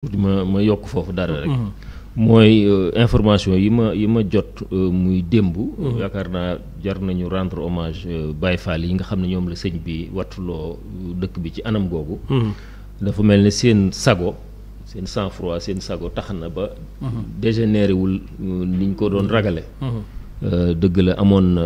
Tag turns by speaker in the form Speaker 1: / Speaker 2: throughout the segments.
Speaker 1: ma ma yokk foofu dara rek. Mhm. mooy euh, information yi ma yi ma jot euh, muy démb. Mhm. yaakaar naa jar nañu rendre hommage euh, Baye Fall yi nga xam ne ñoom la sëñ bi wattuloo dëkk bi ci anam googu. Mhm. dafa mel ni seen sago seen sang-froid seen sago tax na ba. dégénéré niñ ko doon ragale. dëgg la amoon na.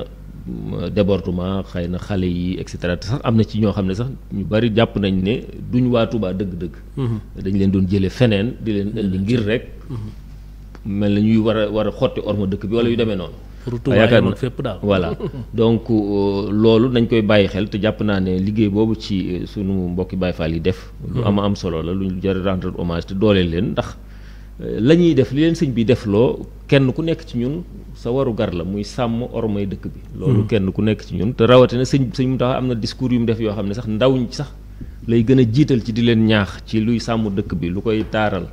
Speaker 1: débordement xëy na xale yi et cetera sax am na ci ñoo xam ne sax ñu bari jàpp nañ ne duñ waa Touba dëgg-dëgg. Mm-hmm. dañ leen doon jëlee feneen di leen indi ngir rek. Mm-hmm. mel na ñuy war a war a xotti orma dëkk bi wala yu demee noonu. pour Touba yemoon fépp daal voilà donc euh, loolu nañ koy bàyyi xel te jàpp naa ne liggéey boobu ci euh, sunu mbokki Baye Fall yi def. lu mm-hmm. am am solo la lu jar rendre hommage te dooleel leen ndax euh, la ñuy def li leen sëñ bi defloo. kenn ku nekk ci ñun sa warugar la muy sàmm ormay dëkk bi. Hmm. loolu kenn ku nekk ci ñun te rawatina sëñ sëñ mu tax am na discours yu mu def yoo xam ne sax ndaw ñi sax lay gën a jiital ci di leen ñaax ci luy sàmm dëkk bi lu koy taaral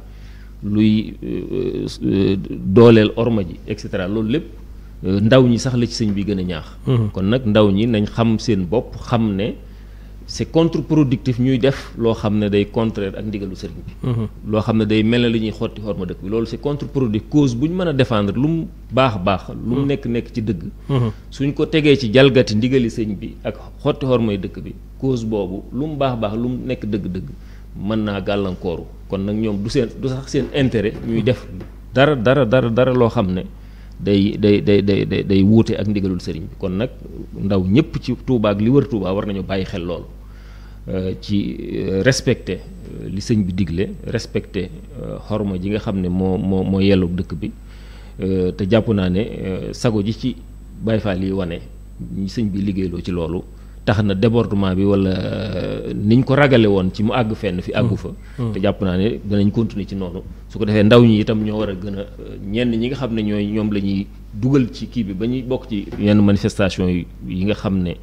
Speaker 1: luy euh, euh, dooleel orma ji et cetera loolu lépp euh, ndaw ñi sax la ci sëñ bi gën a ñaax. Hmm. kon nag ndaw ñi nañ xam seen bopp xam ne. c'est contre-productif ñuy def loo xam ne day contraire ak ndigalu sëriñ bi. Mhm. loo xam ne day mel na li ñuy xotti xorma dëkk bi loolu c'est contre-productif cause bu ñu mën a défendre lu mu baax baax. lu mu mhm. nekk nekk ci dëgg. Mhm. suñ ko tegee ci jalgati ndigali sëñ bi ak xotti xormay dëkk bi cause boobu lu mu baax baax lu mu nekk dëgg-dëgg mën naa gàllankooru kon nag ñoom du seen du sax seen intérêt. ñuy def dara dara dara dara loo xam ne. day day day day day wuute ak ndigalul sëriñ kon nag ndaw ñëpp ci Touba ak li wër Touba war nañu bàyyi xel loolu Euh, ci euh, respecter euh, li sëñ bi digle respecter xorma ji nga xam ne moo moo moo yellu dëkk bi te jàpp naa ne sago ji ci Baay Faal yi wane ñi sëñ bi liggéeyloo ci loolu tax na débordement bi wala niñ ko ragale woon ci mu àgg fenn fi àggu fa mm. Mm. te jàpp naa ne danañ continuer ci noonu su ko defee ndaw ñi itam ñoo war a gën a ñenn ñi nga xam ne ñooy ñoom la ñuy dugal ci kii bi ba ñuy bokk ci yenn manifestation yi nga xam ne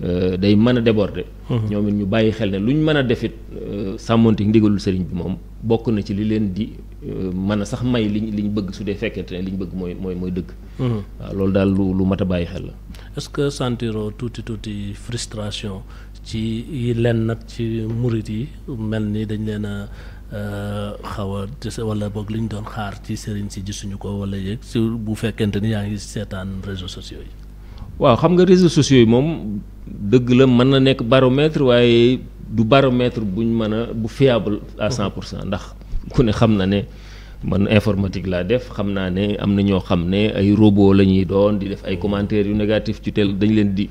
Speaker 1: Euh, day mën a déborder. Mhm. ñoom ñu bàyyi xel ne lu ñu mën a defit euh, sàmmonte ndigalul sëriñ bi moom bokk na ci li leen di euh, mën a sax may li ñu bëgg su dee fekkente ne li ñu bëgg mooy mooy mooy dëgg. Mhm. waaw loolu daal lu lu mat a bàyyi xel la. est-ce que sentiroo tuuti tuuti fristration ci yi leen nag ci murit yi mel ni dañ leen a xaw a wala boog li ñu doon xaar ci sëriñ si gisuñu ko wala yéeg si bu fekkente ni yaa ngi seetaan réseaux sociaux yi. waaw xam nga réseaux sociaux yi moom dëgg la mën na nekk baromètre waaye du baromètre buñ mën a bu fiable à cent pour cent ndax ku ne xam na ne man informatique laa def xam naa ne am na ñoo xam ne ay robot la ñuy doon di def ay commentaires yu négatif ci tel dañ leen di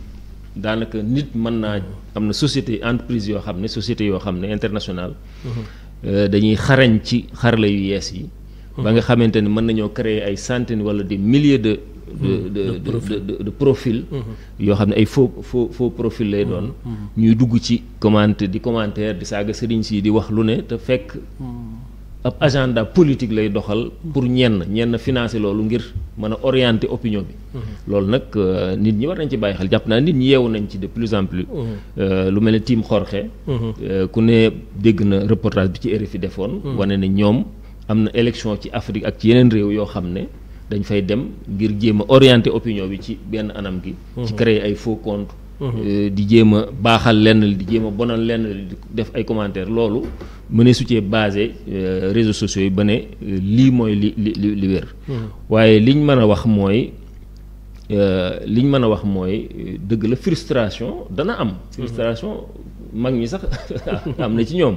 Speaker 1: daanaka nit mën naa am na société entreprise yoo xam ne société yoo xam ne internationale euh, dañuy xarañ ci xarala yu yees yi ba nga xamante ne mën nañoo créer ay centaines wala des milliers de de hmm. de de de profil hmm. yoo xam ne ay faux faux faux profil lay doon hmm. ñuy dugg ci commenté di commentaire di saaga sëriñ si di wax lu ne te fekk ab agenda politique lay doxal pour ñenn ñenn financé loolu ngir mën a orienter opinion bi loolu nag euh, nit ñi war nañ ci bàyyi xel jàpp naa nit ñi yeewu nañ ci de plus en euh, lu mel ne team xorxe euh, ku ne dégg na reportage bi ci fi defoon wane ne ñoom am na élection ci Afrique ak ci yeneen réew yoo xam ne dañ fay dem ngir jéem a orienté opinion bi ci benn anam gi. Mhm. ci créer ay faux comptes. Mhm. Euh, di jéem a baaxal lenn di jéem a bonal lenn di def ay commentaires loolu mënee su cee euh, réseaux sociaux yi ba ne euh, lii mooy li li li wér. Mhm. waaye liñ mën a wax mooy liñ mën a wax mooy dëgg la frustration dana am. frustration mag ñi sax am na ci ñoom.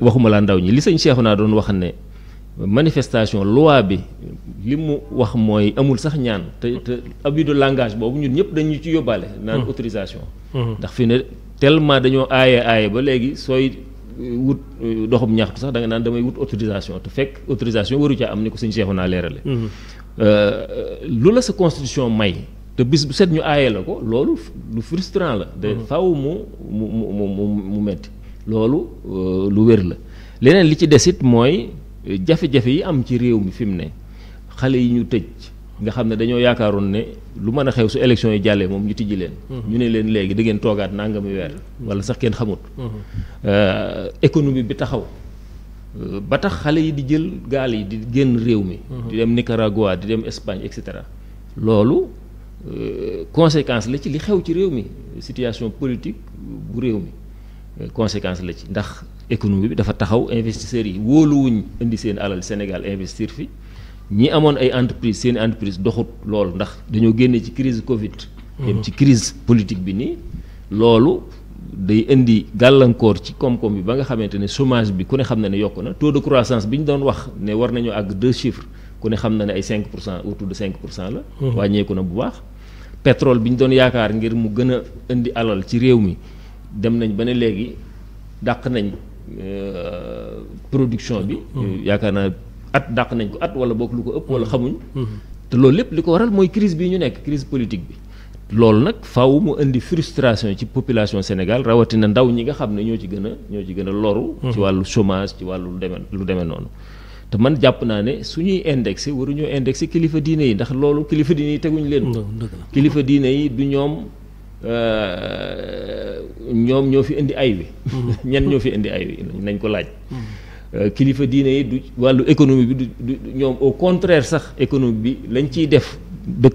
Speaker 1: waxuma laa ndaw ñi li sëñ Cheikh naa doon wax ne. manifestation loi bi li mu wax mooy amul sax ñaan te te abus de langage boobu ñun ñëpp dañu ci yóbbaale. naan hmm. autorisation. Hmm. ndax fi ne tellement dañoo aaye aaye ba léegi sooy euh, wut euh, doxum ñaxtu sax danga naan damay wut autorisation te fekk autorisation waru caa am ni ko suñu seexu naa leerale. Hmm. Euh, lu la sa constitution may. te bis bu set ñu aaye la ko loolu lu frustrant la. de faaw mu mu mu mu metti loolu lu wér la leneen li ci des it mooy. jafe-jafe yi am ci réew mi fi mu ne xale yi ñu tëj nga xam ne dañoo yaakaaroon ne lu mën a xew su élection yi jàllee moom ñu tijji leen. Mhm. ñu ne leen léegi da ngeen toogaat nangami weer. Mhm. wala sax kenn xamut. Mhm. Euh, économie bi taxaw. Euh, ba tax xale yi di jël gaal yi di génn réew mi. di dem Nicaragua di dem Espagne et cetera. loolu euh, conséquence la ci li xew ci réew mi situation politique bu réew mi. conséquence la ci ndax économie bi dafa taxaw investisseurs yi wóoluwuñ indi seen alal Sénégal investir fi ñi amoon ay entreprise seen entreprise doxut loolu ndax dañoo génnee ci crise Covid. dem ci crise politique bi nii loolu day indi gàllankoor ci koom-koom bi ba nga xamante ne chômage bi ku ne xam na ne yokk na taux de croissance bi ñu doon wax ne war nañoo àgg deux chiffres ku ne xam na ne ay 5 pour cent autour de 5 pour cent la. wàññeeku na bu baax. pétrole bi ñu doon yaakaar ngir mu gën a indi alal ci réew mi. dem nañ ba ne léegi dàq nañ euh, production bi. Mmh. yaakaar naa at dàq nañ ko at wala bokk lu ko ëpp. wala mmh. xamuñ. Mmh. te loolu lépp li ko waral mooy crise bii ñu nekk crise politique bi. lool nag faw mu indi frustration ci population Sénégal rawatina ndaw ñi nga xam ne ñoo ci gën a ñoo ci gën a loru. ci wàllu chômage ci wàllu lu demee lu demee noonu. te man jàpp naa ne suñuy indexé waruñoo indexé kilifa diine yi ndax loolu kilifa diine yi teguñ leen. kilifa diine yi du ñoom. Euh, ñoom ñoo fi indi ay bi mm-hmm. ñan ñoo fi indi ay bi nañ ko laaj mm-hmm. euh, kilifa diine yi du wàllu économie bi du ñoom au contraire sax économie bi lañ ciy def dëkk